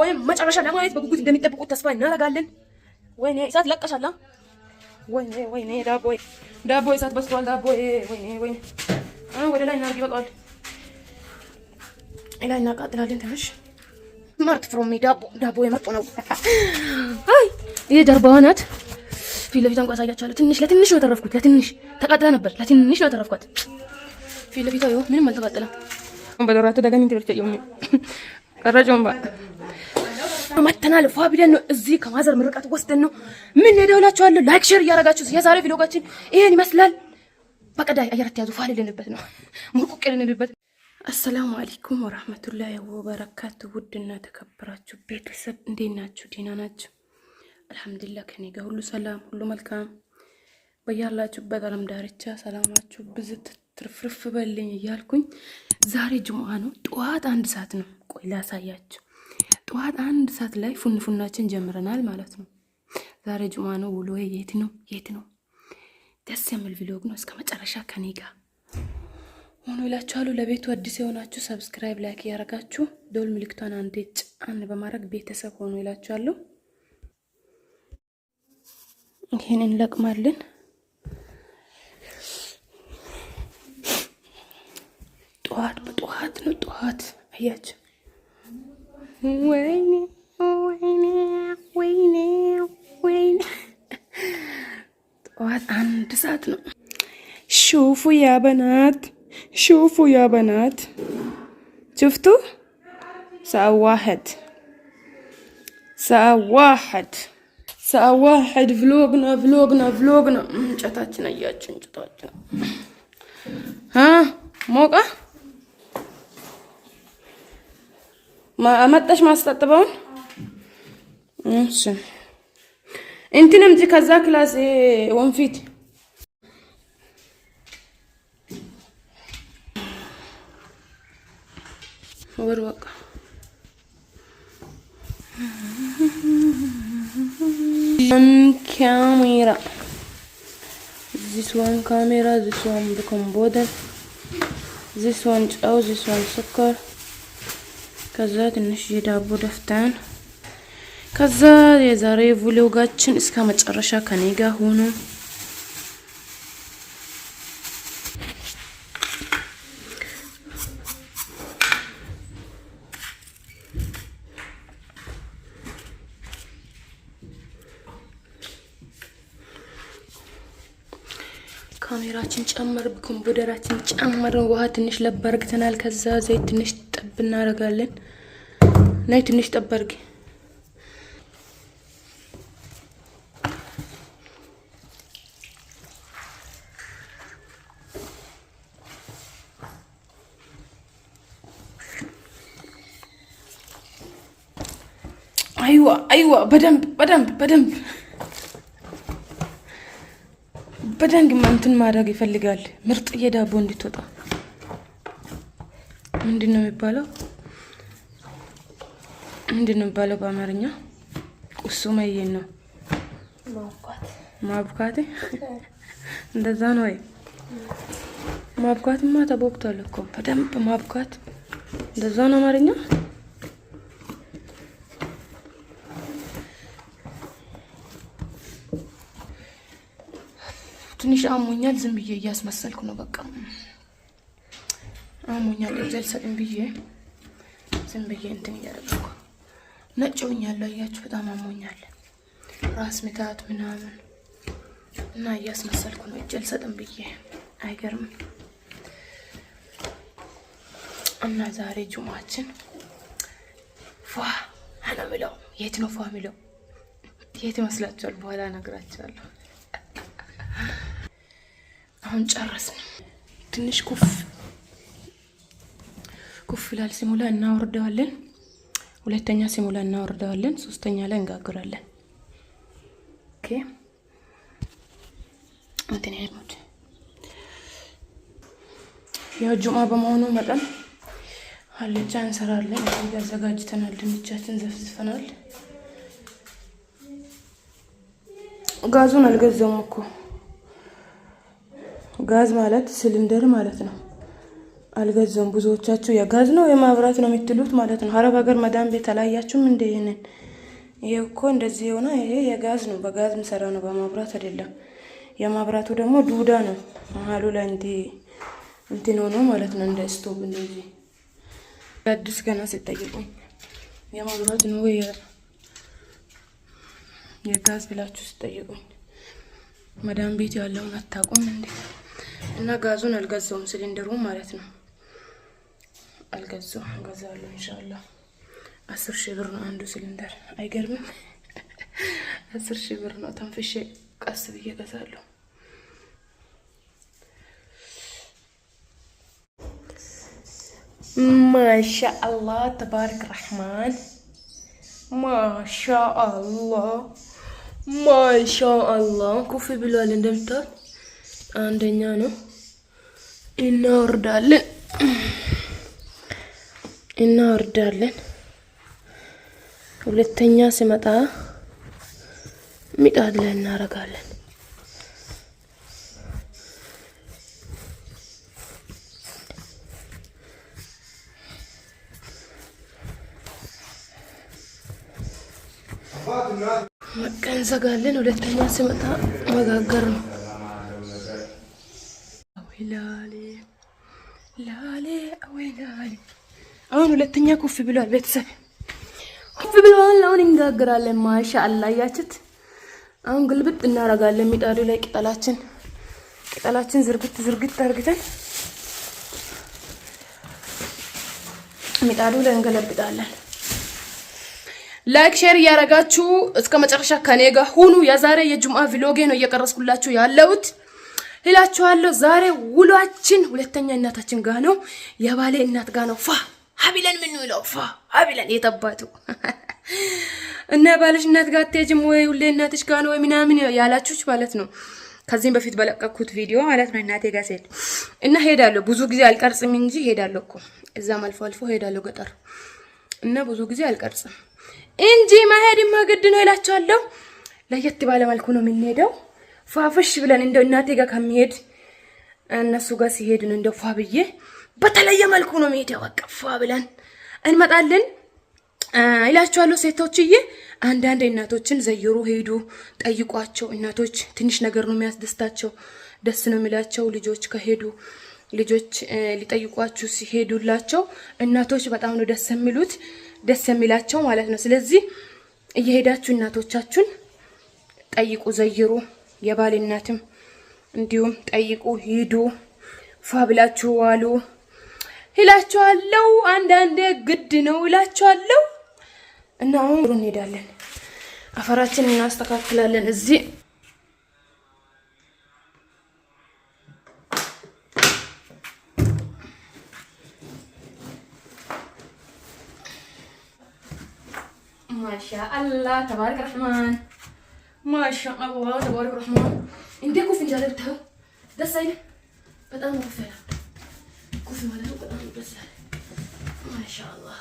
ወይም መጨረሻ ለማየት በጉጉት እንደሚጠብቁት ተስፋ እናደርጋለን። ወይኔ እሳት ለቀሻላ። ወይኔ ወይኔ ዳቦ ዳቦ፣ እሳት በስቷል። ዳቦዬ ወይኔ ወይኔ። ወደ ላይ እናርግ። ይበቃዋል። ላይ እናቃጥላለን ትንሽ። ማርት ፍሮሜ ዳቦ ዳቦ መጥቶ ነው። አይ ይሄ ጀርባዋ ናት። ፊት ለፊቷን እንኳ አሳያችኋለሁ። ትንሽ ለትንሽ ነው ተረፍኩት። ለትንሽ ተቃጥላ ነበር። ለትንሽ ነው ተረፍኳት። ፊት ለፊቷ ይኸው ምንም አልተቃጠለም። በዶራቱ ደጋሚ ትብርቸ ቀረጭ መተናል ፏ ብለን ነው እዚህ ከማዘር ምርቃት ወስደን ነው ምን ሄደውላችኋለሁ። ላይክ ሼር እያደረጋችሁ የዛሬ ቪዲዮጋችን ይሄን ይመስላል። በቀዳይ አየር ያዙ ፏ ልንበት ነው ሙርቁቅ ልንልበት። አሰላሙ አለይኩም ወራህመቱላሂ ወበረካቱ። ውድና ተከበራችሁ ቤተሰብ እንዴት ናችሁ? ዲና ናችሁ? አልሐምዱሊላህ ከኔ ጋር ሁሉ ሰላም፣ ሁሉ መልካም። በያላችሁበት አለም ዳርቻ ሰላማችሁ ብዝት ትርፍርፍ በልኝ እያልኩኝ ዛሬ ጅሙዓ ነው። ጠዋት አንድ ሰዓት ነው። ቆይ ላሳያችሁ ጠዋት አንድ ሰዓት ላይ ፉንፉናችን ጀምረናል ማለት ነው። ዛሬ ጁማ ነው። ውሎ የት ነው የት ነው? ደስ የሚል ቪሎግ ነው። እስከ መጨረሻ ከኔ ጋር ሆኖ ይላችኋሉ። ለቤቱ አዲስ የሆናችሁ ሰብስክራይብ፣ ላይክ እያደረጋችሁ ዶል ምልክቷን አንዴ ጫን በማድረግ ቤተሰብ ሆኖ ይላችኋሉ። ይህን እንለቅማለን። ጠዋት በጠዋት ነው ጠዋት አያችሁ ወይኔ ወይኔ ወይኔ ወይኔ ጠዋት አንድ ሰዓት ነው። ሹፉ ያ በናት ሹፉ ያ በናት ሹፍቱ ሰዓ ዋሕድ ቭሎግ ነው ቭሎግ ነው ቭሎግ ነው። እንጨታችን አያችሁ እንጨታችን ሞቃ ما أمتش ما استطبون ماشي انت نمتي كذا كلاس ونفيت وروق ام كاميرا this one camera بكم بودر this او this سكر ከዛ ትንሽ የዳቦ ደፍተን ከዛ የዛሬ ቪሎጋችን እስከ መጨረሻ ከኔ ጋር ሆኖ ካሜራችን ጨመር ኮምፒውተራችን ጨመር ውሃ ትንሽ ለብ አርግተናል ከዛ ዘይት ትንሽ ጠብ እናደርጋለን። ናይ ትንሽ ጠበርጊ አይዋ አይዋ በደንብ በደንብ በደንብ በደንግ እንትን ማድረግ ይፈልጋል። ምርጥ የዳቦ እንድትወጣ ምንድን ነው የሚባለው? ምንድን ነው የሚባለው በአማርኛ? ቁሱ መየን ነው ማብኳት። እንደዛ ነው ወይ? ማብኳትማ ተቦክቷል እኮ በደንብ ማብኳት። እንደዛ ነው አማርኛ። ትንሽ አሞኛል። ዝም ብዬ እያስመሰልኩ ነው። በቃ አሞኛል። እግዜር ሰጥኝ ብዬ ዝም ብዬ እንትን እያደረግኩ ነጭውኝ ያለ አያችሁ፣ በጣም አሞኛል፣ ራስ ምታት ምናምን እና እያስመሰልኩ ነው። እጅ አልሰጥም ብዬ አይገርም። እና ዛሬ ጁማችን ፏ ነው ምለው የት ነው ፏ ምለው የት ይመስላችኋል? በኋላ እነግራችኋለሁ። አሁን ጨረስን። ትንሽ ኩፍ ኩፍ ይላል። ሲሞላ እናወርደዋለን። ሁለተኛ ሲሙላ እናወርደዋለን። ሶስተኛ ላይ እንጋግራለን። ኦኬ እንትን ያሉት ያው ጁማ በመሆኑ መጠን አልጫ እንሰራለን። እዚህ አዘጋጅተናል። ድንቻችን ዘፍዝፈናል። ጋዙን አልገዛውም እኮ ጋዝ ማለት ሲሊንደር ማለት ነው። አልገዘም። ብዙዎቻችሁ የጋዝ ነው የማብራት ነው የምትሉት ማለት ነው። አረብ ሀገር መዳን ቤት አላያችሁም? እንደ ይህንን ይሄ እኮ እንደዚህ የሆነ ይሄ የጋዝ ነው። በጋዝ ምሰራ ነው፣ በማብራት አይደለም። የማብራቱ ደግሞ ዱዳ ነው። መሀሉ ላይ እንዲ እንትን ሆኖ ማለት ነው። እንደ ስቶብ እንደዚህ አዲስ ገና ሲጠይቁ የማብራት ነው የጋዝ ብላችሁ ሲጠይቁኝ መዳን ቤት ያለውን አታውቁም እንዴ? እና ጋዙን አልገዛውም ሲሊንደሩ ማለት ነው። አልገዛሁም። እገዛለሁ እንሻላ አስር ሺህ ብር ነው አንዱ ሲሊንደር። አይገርምም? አስር ሺህ ብር ነው። ተንፍሼ ቀስ ብዬ እገዛለሁ። አላ ተባረክ ረህማን ማሻ አላ ኩፍ ብሏል። እንደምታል አንደኛ ነው። እናወርዳለን እናወርዳለን። ሁለተኛ ሲመጣ ምጣድ ላይ እናረጋለን። መቀንዘጋለን። ሁለተኛ ሲመጣ መጋገር ነው። አሁን ሁለተኛ ኮፍ ብሏል። ቤተሰብ ኮፍ ብሏል። አሁን እንጋግራለን። ማሻ ያችት አሁን ግልብጥ እናረጋለን። ሚጣዱ ላይ ቅጠላችን ቅጠላችን ዝርግት ዝርግት አርግተን ሚጣዱ ላይ እንገለብጣለን። ላይክ ሼር እያረጋችሁ እስከ መጨረሻ ከኔ ጋር ሁኑ። የዛሬ የጁምአ ቪሎጌ ነው እየቀረስኩላችሁ ያለሁት እላችኋለሁ። ዛሬ ውሏችን ሁለተኛ እናታችን ጋር ነው፣ የባሌ እናት ጋር ነው ፋ አቢለን ምን ይለው ፋ አቢለን እና ባልሽ እናት ጋር አትሄጂም ወይ ሁሌ እናትሽ ጋር ነው ወይ ምናምን ያላችሁች ማለት ነው። ከዚህም በፊት በለቀኩት ቪዲዮ ማለት ነው እናቴ ጋር ስሄድ እና ሄዳለሁ። ብዙ ጊዜ አልቀርጽም እንጂ ሄዳለሁ እኮ እዛም አልፎ አልፎ ሄዳለሁ ገጠር እና ብዙ ጊዜ አልቀርጽም እንጂ መሄድማ ግድ ነው ይላችኋለሁ። ለየት ባለ መልኩ ነው የምንሄደው ፏፈሽ ብለን እንደው እናቴ ጋር ከሚሄድ እነሱ ጋር ሲሄድን እንደ ፏ ብዬ በተለየ መልኩ ነው መሄደው። በቃ ፏ ብለን እንመጣለን ይላችኋለሁ ሴቶችዬ። አንዳንድ እናቶችን ዘይሩ ሄዱ፣ ጠይቋቸው። እናቶች ትንሽ ነገር ነው የሚያስደስታቸው፣ ደስ ነው የሚላቸው። ልጆች ከሄዱ ልጆች ሊጠይቋችሁ ሲሄዱላቸው እናቶች በጣም ነው ደስ የሚሉት፣ ደስ የሚላቸው ማለት ነው። ስለዚህ እየሄዳችሁ እናቶቻችሁን ጠይቁ፣ ዘይሩ የባል እናትም እንዲሁም ጠይቁ፣ ሂዱ፣ ፋብላችሁ ዋሉ እላችኋለሁ። አንዳንዴ ግድ ነው እላችኋለሁ። እና አሁን ሩ እንሄዳለን፣ አፈራችን እናስተካክላለን እዚህ ማሻአላህ ተባረክ ረህማን ማሻአላህ ተባረክ ረህማን እንዴ ኩፍ እንዳለብታው ደስ አይል። በጣም ነው ኩፍ ያለው። ኩፍ ማለት በጣም ደስ ያለ ማሻአላህ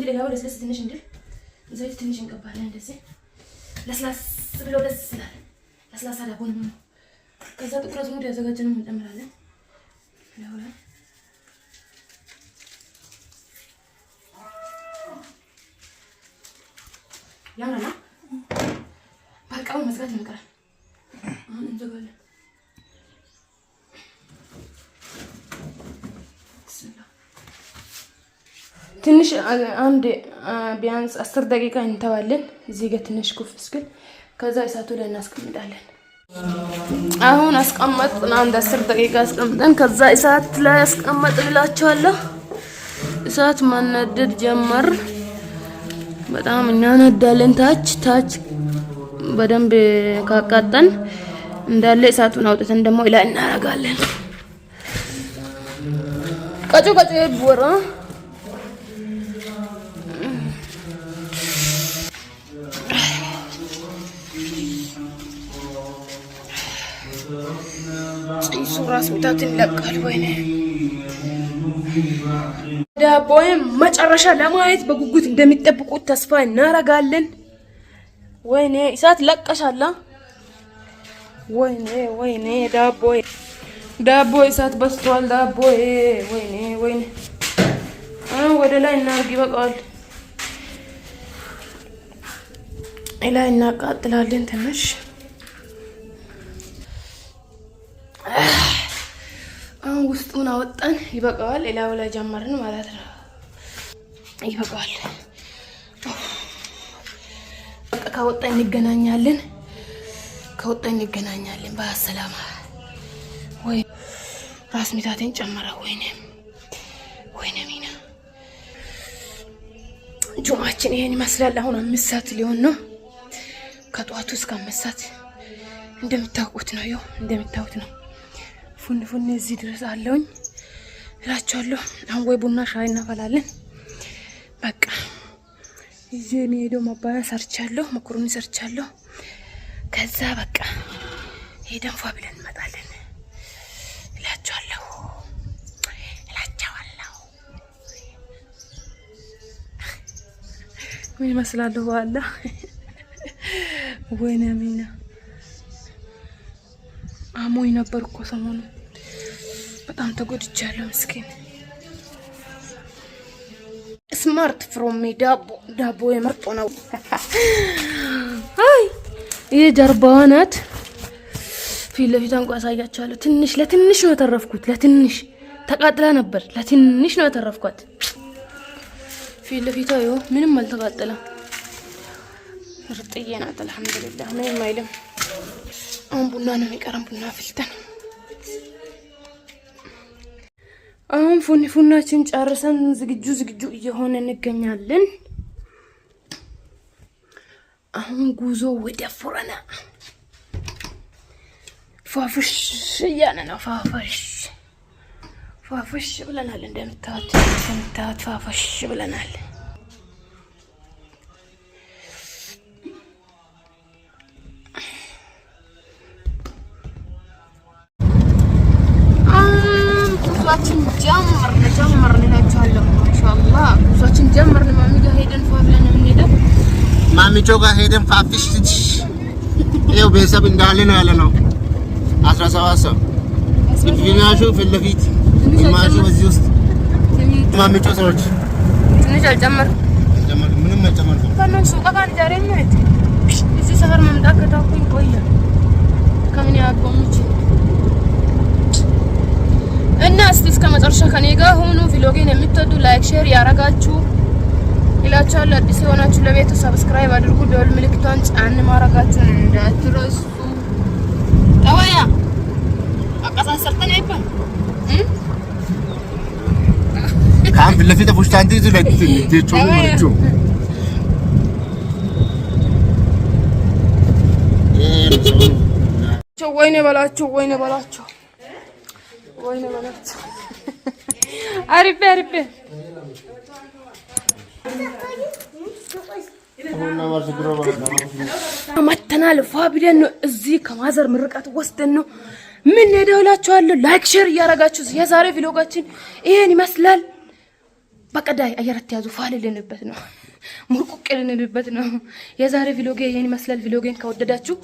እንግዲህ ያው ለስለስ ትንሽ እንድል ዘይት ትንሽ እንቀባለን። እንደዚህ ለስላስ ብሎ ደስ ይላል። ለስላሳ ዳቦ ነው። ከዛ ጥቁር አዝሙድ ያዘጋጀነው እንጨምራለን። ለሁላ ያምራል። በቃ መዝጋት እንቀራለን። ትንሽ አንድ ቢያንስ አስር ደቂቃ እንተዋለን። እዚህ ጋር ትንሽ ኩፍ እስክል ከዛ እሳቱ ላይ እናስቀምጣለን። አሁን አስቀመጥን። አንድ አስር ደቂቃ አስቀምጠን ከዛ እሳት ላይ አስቀመጥ እላቸዋለሁ። እሳት ማናደድ ጀመር። በጣም እናነዳለን። ታች ታች በደንብ ካቃጠን እንዳለ እሳቱን አውጥተን ደግሞ ላይ እናረጋለን። ቀጩ ቀጩ ይቦራ ራስ ምታት ይለቃል። ወይኔ ዳቦዬም መጨረሻ ለማየት በጉጉት እንደሚጠብቁት ተስፋ እናደርጋለን። ወይኔ እሳት ለቀሻላ። ወይኔ ወይኔ ዳቦዬ ዳቦ እሳት በስቷል። ዳቦዬ ወይኔ ወይኔ ወደ ላይ እናርግ ይበቃዋል። ላይ እናቃጥላለን ትንሽ ውስጡን አወጣን። ይበቃዋል። ሌላው ላይ ጀመርን ማለት ነው። ይበቃዋል። በቃ ከወጣ እንገናኛለን። ከወጣ እንገናኛለን። በሰላም ወይ ራስ ሚታቴን ጨመረ። ወይኔ ወይኔ ሚና ጁማችን ይሄን ይመስላል። አሁን አምስት ሰዓት ሊሆን ነው። ከጠዋቱ እስከ አምስት ሰዓት እንደምታውቁት ነው። ይኸው እንደምታውቁት ነው። ፉን ፉን እዚህ ድረስ አለውኝ እላችኋለሁ። አሁን ወይ ቡና ሻይ እናፈላለን። በቃ ይዤ የሚሄደው ማባያ ሰርቻለሁ፣ መኮሮኒ ሰርቻለሁ። ከዛ በቃ ሄደን ፏ ብለን እንመጣለን እላችኋለሁ እላቸዋለሁ። ምን ይመስላለሁ በኋላ ወይነ ሚና አሞኝ ነበር እኮ ሰሞኑ በጣም ተጎድቻለሁ። ምስኪን ስማርት ፍሮሚ ዳቦ ዳቦ የመርጦ ነው። አይ ይህ ጀርባዋ ናት። ፊት ለፊቷ እንኳ ያሳያቸዋለሁ። ትንሽ ለትንሽ ነው የተረፍኩት። ለትንሽ ተቃጥላ ነበር። ለትንሽ ነው የተረፍኳት። ፊት ለፊቷ ይኸው ምንም አልተቃጠለም። ርጥዬ ናት። አልሐምዱሊላህ ምንም አይልም። አሁን ቡና ነው የሚቀረን። ቡና ፍልተን አሁን ፉኒ ፉናችን ጨርሰን ዝግጁ ዝግጁ እየሆነ እንገኛለን። አሁን ጉዞ ወደ ፉረና ፏፍሽ እያለ ነው። ፏፍሽ ፏፍሽ ብለናል። እንደምታዩት እንደምታዩት ፏፍሽ ብለናል። ነገሮችን ጀመርን። ማሚ ጋር ሄደን ፏ ብለን የምንሄደው ማሚቾ ጋር ሄደን ፋፍሽ ትች ይኸው ቤተሰብ እንዳለን ያለ ነው። አስራ ሰባት ሰው ግማሹ ፊት ለፊት ግማሹ እዚህ ውስጥ ማሚቾ ሰዎች ትንሽ አልጨመርኩም። ምንም አልጨመርኩም። ከእነሱ ጋር ዛሬ እዚህ ሰፈር መምጣት ከታኩኝ ቆየ ከምን ያቆሙች እና እስቲ እስከ መጨረሻ ከኔ ጋር ሁኑ። ቪሎጌን የምትወዱ ላይክ፣ ሼር ያረጋችሁ ይላችኋል። አዲስ የሆናችሁ ለቤቱ ሰብስክራይብ አድርጉ። ደወል ምልክቷን ጫን ማረጋችሁን እንዳትረሱ። ጠዋያ አቀሳሰርተን አይባል ካም ፊትለፊት ቡሽታንቲ ዝለት ቴቾ ምርጩ ወይኔ በላችሁ፣ ወይኔ በላችሁ ወይኔ ማለት አሪፍ አሪፍ መተናል። ፏ ብለን ነው እዚህ ከማዘር ምርቃት ወስደን ነው ምን ሄደው እላችኋለሁ። ላይክ ሼር እያደረጋችሁ የዛሬ ቪሎጋችን ይሄን ይመስላል። በቀዳይ አየረት ያዙ ፏ ልንልበት ነው ሙርቁቅ ልንልበት ነው። የዛሬ ቪሎጌ ይሄን ይመስላል። ቪሎጌን ከወደዳችሁ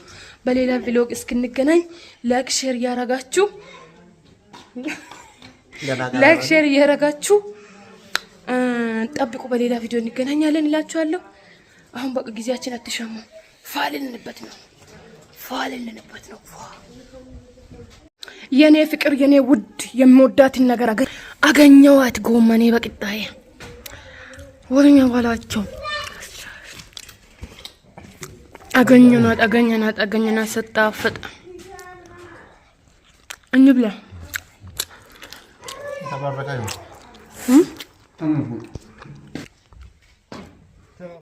በሌላ ቪሎግ እስክንገናኝ ላይክ ሼር እያደረጋችሁ ላይክ ሼር እያደረጋችሁ ጠብቁ። በሌላ ቪዲዮ እንገናኛለን እላችኋለሁ። አሁን በቃ ጊዜያችን አትሻማ። ፋልንንበት ነው ፋልንንበት ነው። የኔ ፍቅር የኔ ውድ የምወዳትን ነገር አገኘዋት። ጎመኔ በቅጣዬ ወኛ ባላቸው አገኘናት አገኘናት አገኘናት። ሰጣፈጥ እንብላ Sabar berkayu. Hmm? Tangan.